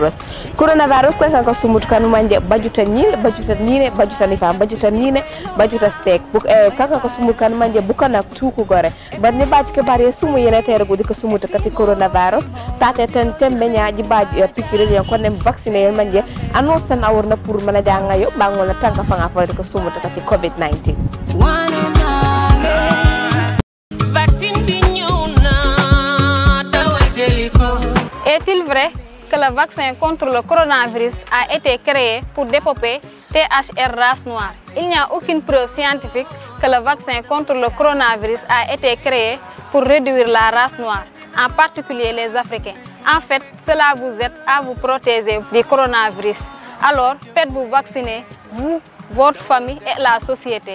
coronavirus coronavirus koy kanko sumutu kanumanje bajuta ñil bajuta nine bajuta nifam bajuta nine bajuta stek eh, kanka ko sumutu kanumanje bukana tukugore badni baji ke bari sumu yene tere gudi ko sumutu kati coronavirus tate ten tembe ñaji baji eh, pikiri ñen ko nem vacciner yel manje annonce tan awurna pour mana janga yo bangol na tanka fanga fayde ko sumutu kati covid 19 que le vaccin contre le coronavirus a été créé pour dépoper THR race noire. Il n'y a aucune preuve scientifique que le vaccin contre le coronavirus a été créé pour réduire la race noire, en particulier les Africains. En fait, cela vous aide à vous protéger du coronavirus. Alors, faites-vous vacciner, vous, votre famille et la société.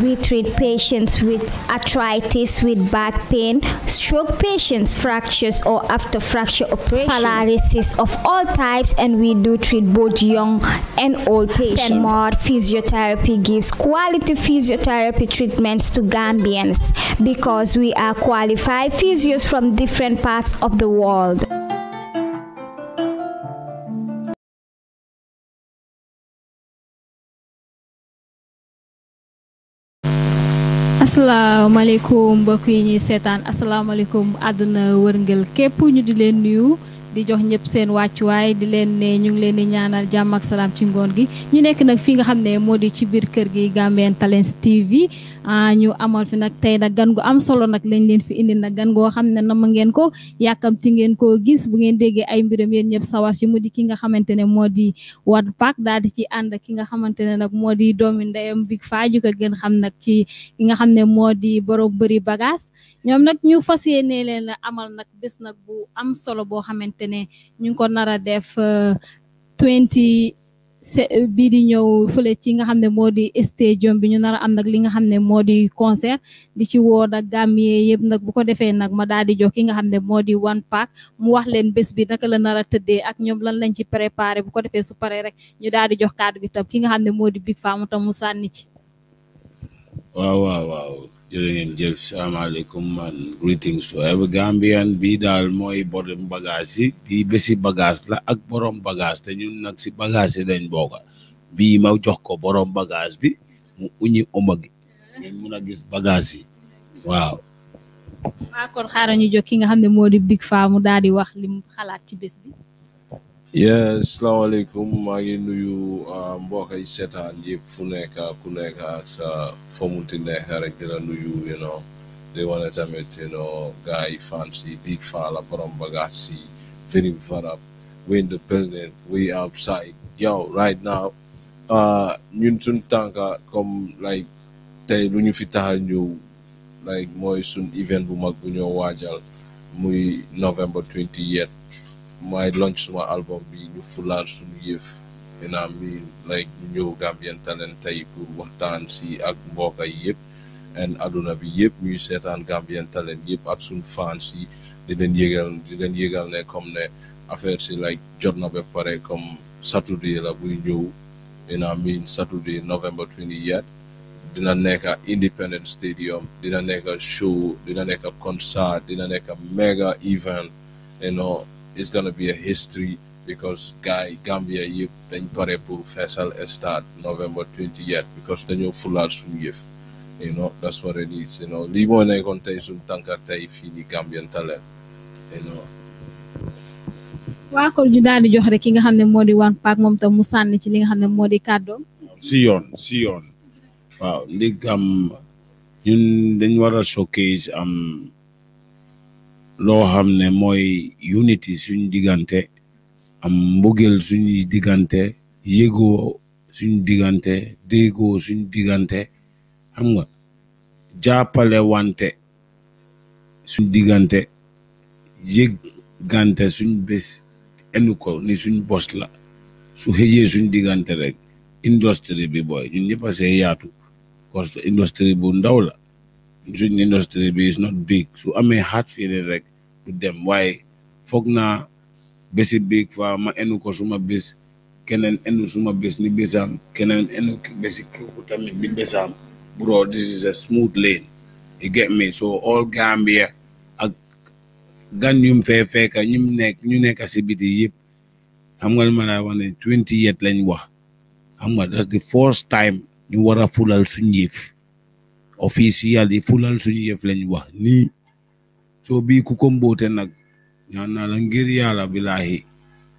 we treat patients with arthritis, with back pain, stroke patients, fractures or after fracture operation, paralysis of all types, and we do treat both young and old patients. Denmark Physiotherapy gives quality physiotherapy treatments to Gambians because we are qualified physios from different parts of the world. Assalamualaikum mbokk yi ñuy seetaan asalaamaaleykum aduna wërngël képp ñu di leen nuyu di jox ñëpp seen wàccuwaay di leen ne ñu ngi leen di ñaanal jàmm ak salaam ci ngoon gi ñu nekk nag fi nga xam ne moo di ci biir kër gi Gambian Talents TV ah, ñu amal fi nag tey nag gan gu am solo nag lañ leen fi indi nag gan goo xam ne nama ngeen ko yàkkamti ngeen koo gis bu ngeen déggee ay mbiram yéen ñëpp sawar ci mu di ki nga xamante ne moo di Wadd Pac daal di ci ànd ki nga xamante ne nag moo di doomi ndeyam Big Faa ju ko gën xam nag ci ki nga xam ne moo di borom bëri bagage ñoom nag ñu fas yéene leen amal nag bés nag bu am solo boo xamante ne ñu ngi ko nar a def 20 euh, bii di ñëw fële ci nga xam ne moo di stadium bi ñu nar a am nag li nga xam ne moo di concert di ci woo nag Gambie yëpp nag bu ko defee nag ma daal di jox ki nga xam ne moo di One Pac mu wax leen bés bi naka la nar a tëddee ak ñoom lan lañ ci préparé bu ko defee su paree rek ñu daal di jox kàddu gi tam ki nga xam ne moo di Big Faa mu tam sànni ci. waaw jërë ngeen jëf salaamaaleykum man greetings to every Gambian bii daal mooy borom bagage yi bii bési la ak borom bagaas te ñun nag si bagage yi dañ booga ma jox ko borom bagaas bi mu uñi oma gi mun a gis bagage yi waaw waaw ah, kon xaaral ñu jox ki nga xam ne moo di Big Faa mu daal di wax li xalaat ci bés bi yeah asalaamaaleykum maa ngi nuyu uh, mbokk yi seetaan yëpp fu nekk sa fa munti nekk rek dina nuyu you know wanna tamit you know gars yi big fala la borom very far up. we in the building we outside yo right now ñun uh, suñ tànka comme like tey lu ñu fi taxal like mooy suñ event bu mag bu ñoo waajal muy november 28 my launch my album be bi ñu fulaal suñu yëf ina mean like ñëw Gambian Talents tey pour waxtaan si ak mbokka yi yëpp and aduna bi yëpp ñuy seetaan Gambian Talents yëpp ak suñu fans yi di leen yëgal di leen yëgal come there I feel si like jot na ba pare comme Saturday la buy ñëw I mean Saturday November 28 dina nekk Independence Stadium dina nekk show dina nekk concert dina nekk mega event you know it's going to be a history because guy Gambia you dañ pare pour feesal start November yet because dañoo fulaal suñu from you know that's what it is you know limo moo nekkoon tey suñu tànka tey fii di Gambian talent, you know waa kon ñu daal di jox rek ki nga xam ne moo di One pack moom tam mu sànni ci li nga xam ne moo You kàddoom si yoon ñun dañ war showcase am loo xam ne mooy unity suñu diggante am mbugeel suñu diggante yëgoo suñu diggante déggoo suñu diggante xam nga jàppale wante suñu diggante yëggante suñu bés enu ko ni suñu bos la su xëjee suñu diggante rek industrie bi booy ñun ñëpp a see yaatu parce que bu ndaw la suñ industrie bi is not big su amee hard feeling rek du dem waaye foog naa bési biig fa ma enu ko suma bés keneen enu suma bés ni bésaam keneen enu bési kiku tamit ni bésaam bro this is a smooth lane you get me so all Gambia ak gan ñum fee fekka ñum nekk ñu nekk si biti yëpp xam nga li ma laa wax ne twenty years lañ wax xam nga that's the first time ñu war a fulal suñ yëf officially fulal suñ yëf lañ wax nii so bii ku ko mboote nag ñaan naa la ngir yàlla bilaahi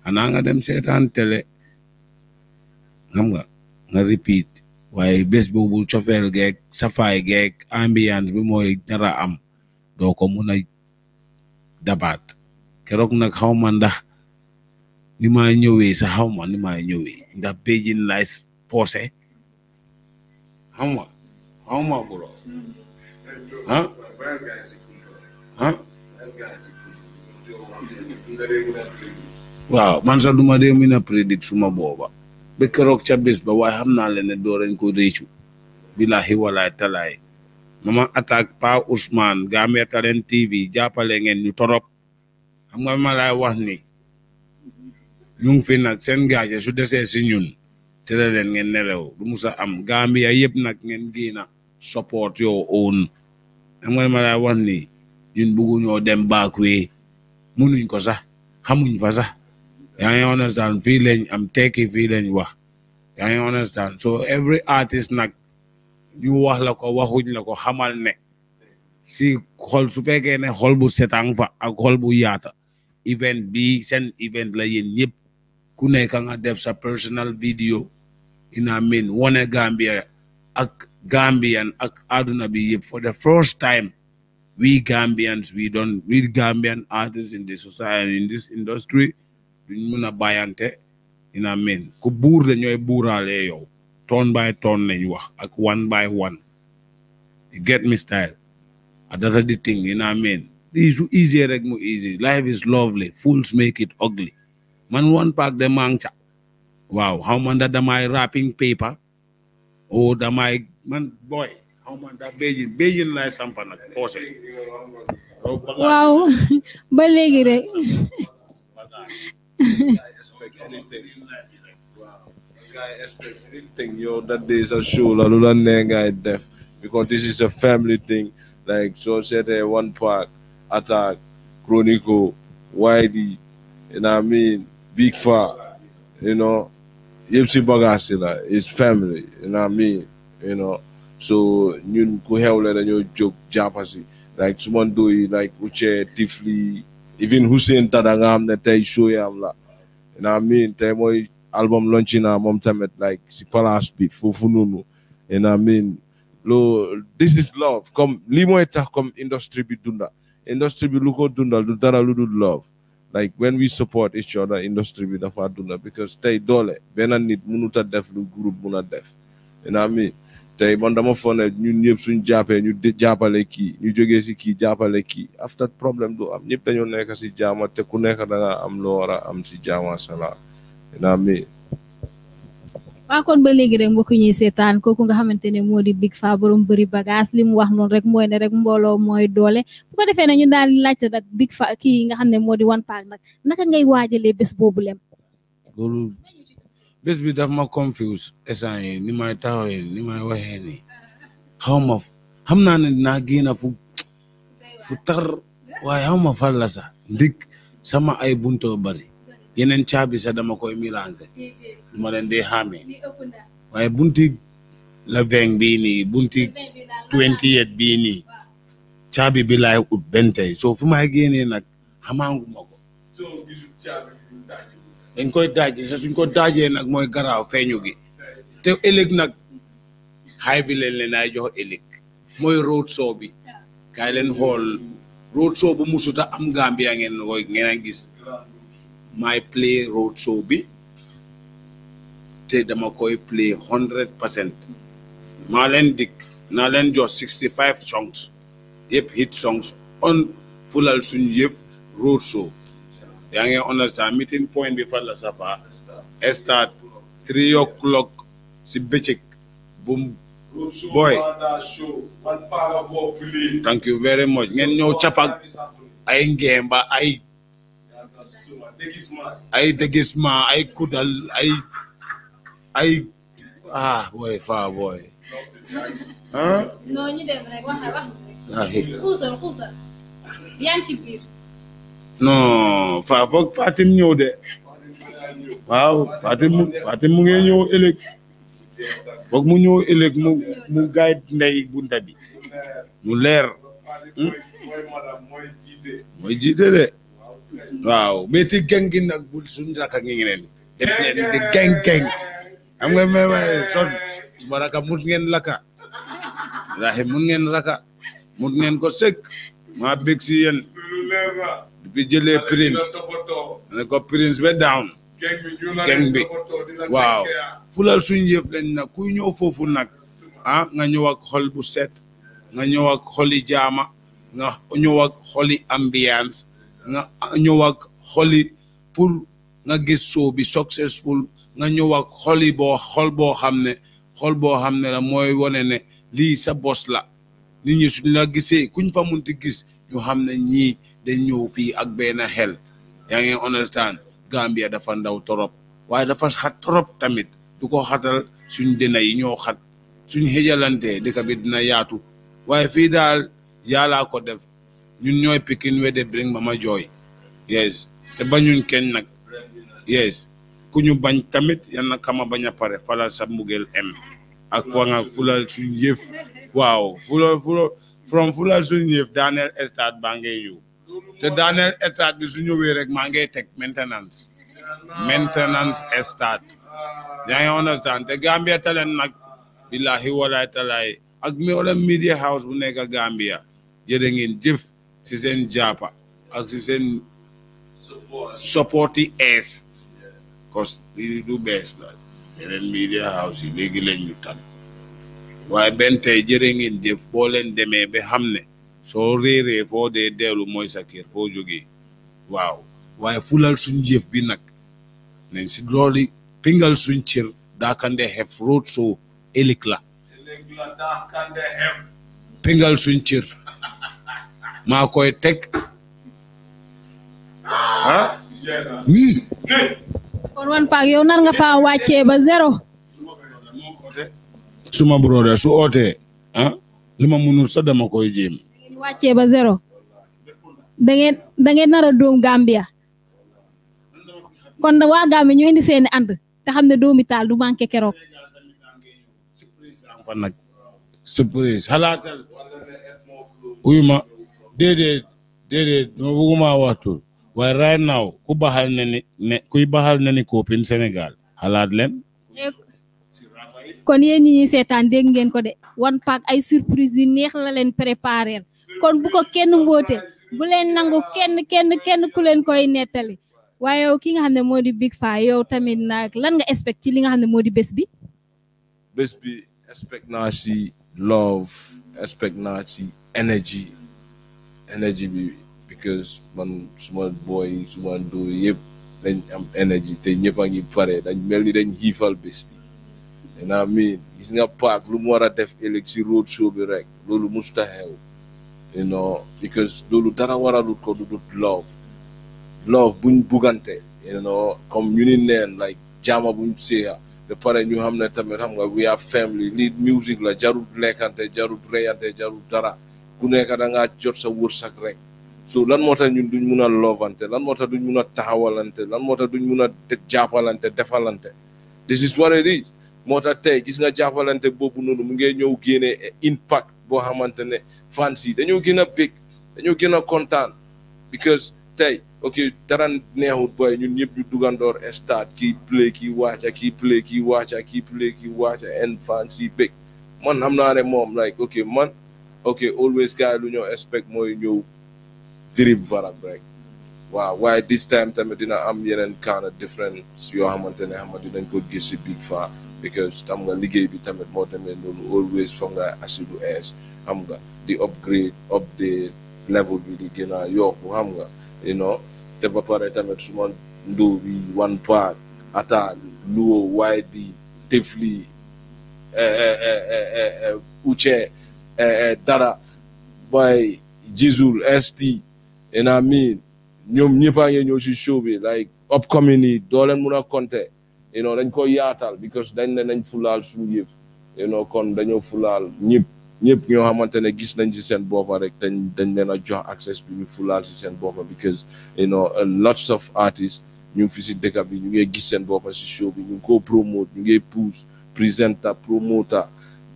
xanaa nga dem seetaan tele, xam nga nga repeat waaye bés boobu cofeel geeg safaay geeg ambiance bi mooy dara am doo ko mun a dabaat keroog nag xaw ma ndax ni maa ñëwee sa xaw ma ni maa ñëwee ndax béjin laay poose xaw ma xaw ma bro ah waaw man sax duma dee mën a prédict suma booba ba keroog ca bés ba waaye xam naa leen ne doo dañ ko réccu billahi walaay talaay mama attaque pa Ousmane Gambian Talents TV jàppale ngeen ñu torop xam nga ma lay wax ni ñu ngi fi nag seen gaaje su desee si ñun te la leen ngeen nelew du musa am Gambia yëpp nag ngeen giina support yo own xam nga ma ñun bëgguñoo dem baakuwee mënuñ ko sax xamuñ fa sax yaa ngi understand fii lañ am tekki fii lañ wax yaa ngi understand so every artist nag ñu wax la ko waxuñ la ko xamal ne si xol su fekkee ne xol bu setang fa ak xol bu yaata event bi seen event la yéen ñëpp ku nekk nga def sa personal video ina min wone Gambia ak Gambian ak àdduna bi yëpp for the first time we Gambians, we don't, we Gambian artists in the society, in this industry, duñ mun a bàyyante in a mean ku the la ñooy buuraale yow ton by ton lañ wax one by one you get me style that's the thing You what I mean this easy rek easy life is lovely fools make it ugly man one pack the maa Wow, how man that ma ndax wrapping paper Oh, o my man boy xaw ma waaw ba léegi rek thing that day sa show la lu la nee ngay def because this is a family thing like soo seetee one pack attack chronico Wydee you know what mean big fa you know yëpp is family you know mean you know so ñun ku xewle dañoo joke, jàppasi like sumando yi like Uche Tifli even Hussein Tadangam. That they show tey show am la na miin tey mooy album launching mom time at like si palace bi foofu noonu I mean, lo, this is love Come, limo eta come industry be dunda industry be look ko dundal du love like when we support each other industry na far dunda because they doole benn need munuta def lu def. You know what I mean? tey man dama foog ne ñun ñëpp suñ jàppee ñu jàppale ki ñu jógee si kii jàppale kii after problème du am ñëpp dañoo nekk si jaama te ku nekk da am loo am si jaama sala naa mi waa kon ba léegi rek mbokk ñuy seetaan kooku nga xamante ne moo di Big Faa borom bëri bagage li mu wax noonu rek mooy ne rek mbooloo mooy doole bu ko defee ne ñu daal di laajte nag Big Faa kii nga xam ne moo di One nag naka ngay waajalee bés boobu lem bés bi daf ma confuse instant yi ni may taxawee ni may waxee nii xaw ma xam naa ne dinaa génn fu fu tar waaye xaw ma sax ndig sama ay bunto bari yeneen caabi sax dama koy mélangé du ma leen di xàmmee waaye bunti la vingt bii nii bunti eight bii nii caabi bi laay ut benn fu may génnee nag xamaanguma ko. dañ koy daaj sa suñ ko daajee nag mooy garaaw feeñu gi te ëllëg nag xaay bi leen leen jox ëllëg mooy road show bi kaay leen xool road show bu musuta am Gambia ngeen koy ngeen a gis may play road show bi te dama koy play hundred percent maa leen dikk naa leen jox sixty five songs yëpp hit songs on fulal suñ yëf road show Yang you understand? Meeting point before the Safa. Start three o'clock. Si Bichik. Boom. Boy. Thank you very much. Ngeen game, capak I. I ay ay déguisement ay kudal ay ay ah boy far, boy ah. non ñu dem rek wax na wax. Ah, xuusal xuusal. yaa ngi ci biir. non faa foog Fatim ñëw de waaw Fatim mu ngi ñëw ëllëg foog mu ñëw ëllëg mu mu gaay ndey bunta bi mu leer hmm? mooy jiite de waaw métti geng gi nag bu suñu raka ngi ngi leen di geng geng xam nga ma son suma mut ngeen laka raxe mut ngeen raka mut ngeen ko sëkk maa bi jëlee prince ne ko prince be down geng bi waaw fulal suñ yëf le na kuy ñëw foofu nag ah nga ñëw ak xol bu set nga ñëw ak xoli jaama nga ñëw wak xoli ambiance nga ñëw ak xoli pour nga gis soo bi successful nga ñëw ak xoli boo xol boo xam ne xol boo xam ne la mooy wane ne lii sa bos la nit ñi suñ la gisee kuñ fa munti gis ñu xam ne ñii dañ ñëw fii ak benn xel yaa ngi understand Gambia dafa ndaw torop waaye dafa xat torop tamit du ko xatal suñ dina yi ñoo xat suñ xëjalante dika bi dina yaatu waaye fii daal yàllaa ko def ñun ñooy pikin we de bring mama jooy yes te bañuñ kenn nag yes ku ñu bañ tamit yan na kama bañ a pare falal sa mbugeel em ak fulal suñ yëf waaw fulal fulal from fulal suñ yëf daaneel stade baa ngee ñëw te daaneel état bi su rek maa ngay teg maintenance maintenance état yaa te Gambia Talents nag billahi walaay talaay ak mi wala media house bu Gambia jërë ngeen jëf ci seen jàppa ak ci seen supporti es cause lii du bees la house yi léegi lañ ñu tan waaye benn tey jërë ngeen jëf leen demee ba xam soo réeree foo dee dellu mooy sa foo jógee waaw waaye fulal suñ jëf bi nag si loolu pingal suñ cër daakande xef root soo ëllëg la pingal suñ cër maa koy teg ah ñii kon suma broda su ootee ah li ma munul sa dama koy jéem wàccee ba zéro da ngeen da ngeen nar dóom Gambia kon wa Gambie ñu indi seeni ànd te xam ne doomi taal du manqué keroog. fan nag surprise xalaatal uyu ma déedéet déedéet ma bëgguma waxtu ku baxal ne ni ne kuy baxal ne ni koopin Sénégal kon yéen ñi ñuy seetaan ngeen ko de one pack ay surprise yu neex la leen préparé kon bu ko kenn mboote bu leen nangu kenn kenn kenn ku leen koy nettali waaye yow ki nga xam ne di Big Faa yow tamit nag lan nga expect ci li nga xam ne di bés bi bés bi expect naa si love expect naa si energy energy bi because man small boy suma do yëpp dañ am energy te ñëpp a pare dañ mel ni dañ xiifal bés bi I mean, gis nga park lu mu war def ëllëg road show bi rek loolu musta you know because loolu dara waralut ko du dut love love buñ buggante you know comme ñu ni neen like jama buñ seeya ba pare ñu xam ne tamit xam nga we are family lii music la jaru lekkante jaru reyante jarut dara ku nekk da ngaa jot sa wërsëg rek so lan moo ñun duñ mun a lovante lan moo duñ mun a taxawalante lan moo duñ mun a jàppalante defalante this is what it is moo gis nga jàppalante boobu noonu mu ngi ñëw génnee impact boo xamante ne fans yi dañoo gën a bég dañoo gën a kontaan because tey ok dara neexut booy ñun ñëpp ñu dugandoor stade kii play kii wàcca kii play kii wàcca kii play kii wàcca and fans yi man xam naa ne moom like ok man ok always gars yi lu ñoo expect mooy ñëw drib varab rek waaw waaye this time tamit dina am yeneen kind of difference yoo xamante ne xamante dinañ ko gis si Big Faa because xam nga liggéey bi tamit moo demee noonu always foog nga asi lu ees xam nga di upgrade update level bi di gën a yokku xam nga you know te ba pare tamit suma ndóo bi one part attaque luo waaye di tefli uche eh, eh, dara by jisul st you know what I mean ñoom ñëppaa ngee ñëw si show bi like upcoming yi doo mu mun a compter you know dañ ko yaatal because dañ ne nañ fulaal suñu yëf you know kon dañoo fulaal ñëpp ñëpp ñoo xamante ne gis nañ si seen boppa rek dañ dañ leen a jox access bi ñu fulaal si seen boppa because you know lots of artists ñu ngi fi si dëkk bi ñu ngi gis seen boppa si show bi ñu ngi ko promote ñu ngi push presenter promoter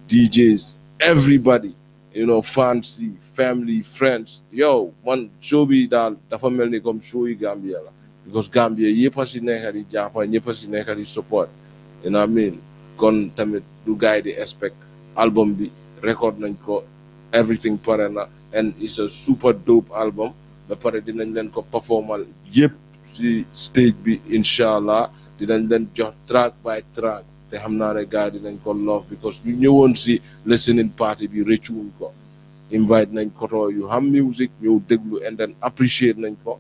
DJs everybody you know fancy family friends Yo, man show me that the family come show you Gambia because Gambia yëpp a si nekk di jàppa ñëpp a si support you know what I mean kon tamit du guy the expect album be record and everything parana and it's a super dope album ba pare dinañ leen then performal yëpp si stage bi incha allah dinañ Then jox track by track te xam naa ne gars yi nañ ko love because ñu ñëwoon si listening party bi rëccuwuñ ko invite nañ koto yu xam music ñëw déglu and then appreciate nañ ko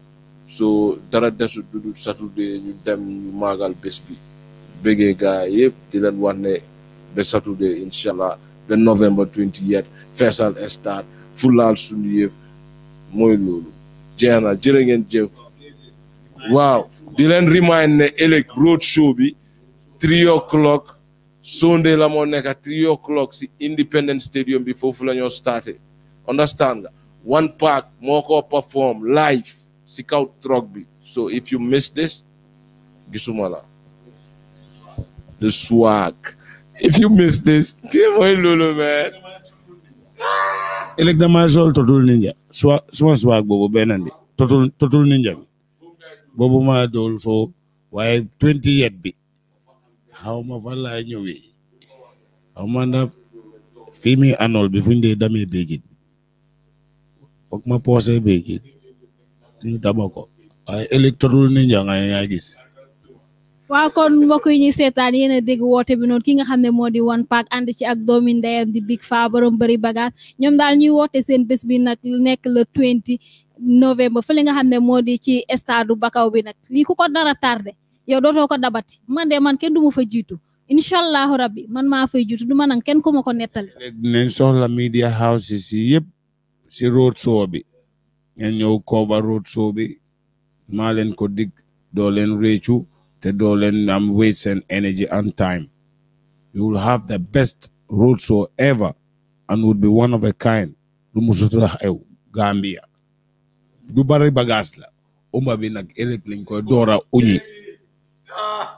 so dara desu dudu saturday ñu dem ñu maagal bés bi bëggee gars yëpp di leen wax ne ba saturday incha allah ba november 28 feesal stade fulaal suñu yëf mooy loolu jeex na jërë ngeen jëf waaw di leen remind ne ëllëg road show bi three o'clock Sunday la moo nekk three o'clock si Independence Stadium bi foofu la ñoo starté understand nga one pack moo ko perform live si kaw truck bi so if you miss this gisuma la the if you miss this kii mooy loolu man ëllëg dama sol totul ninja suma swag boobu beneen bi totul ninja bi boobu ma dool fo waaye twenty yet bi xaw ma fan laay ñëwee xaw ma ndax fii muy anool bi fu ñu dee damee béykat ma poosee béykat ñu dama ko waaye électorul ni njàng yaa gis. waaw kon mbokk yi ñuy seetaan yéen a woote bi noonu ki nga xam ne moo di One Pac ànd ci ak doomi ndeyam di Big Faa borom bëri bagage ñoom daal ñuy woote seen bés bi nag nekk le 20 novembre fële nga xam ne moo di ci stade Bakau bi nag lii ko dara tardé. yow dootoo ko dabati man man kenn du fa jiitu incha allahu man maa fay jiitu du ma nang kenn ku ma ko nettali. dinañ soxla media houses yi yëpp si road show bi ngeen ñëw road show bi maa leen ko dig doo leen réccu te doo leen am waste seen energy and time you will have the best road show ever and would be one of a kind lu musuta xew Gambia du bari bagage la umba bi nag ëllëg lañ koy uñi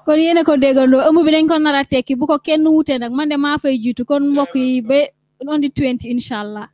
kon yene ko degal do amu bi dañ ko nara teki bu ko kenn wute nak man de ma fay jitu kon mbok yi be ondi 20 inshallah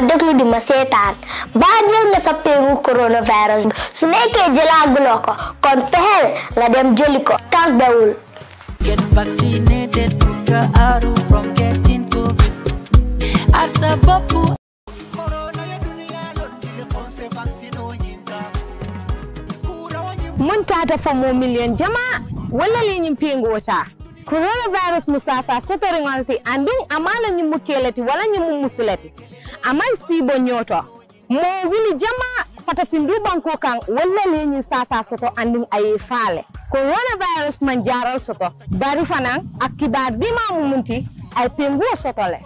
मदद di डिम सेतान बादल में सब Pegu corona virus सुने के जिला गुलो Get vaccinated aru from getting covid arsa bapu million jama wala le nyim pengo wata coronavirus musasa sotoringolsi andin amala nyimu keleti wala nyimu musuleti amai si bonyoto mo wini jama fata findu banko kan wala leñi sasa soto andin ayi fale coronavirus man jaral soto bari fanan akibar kibar mumunti ay penguo soto le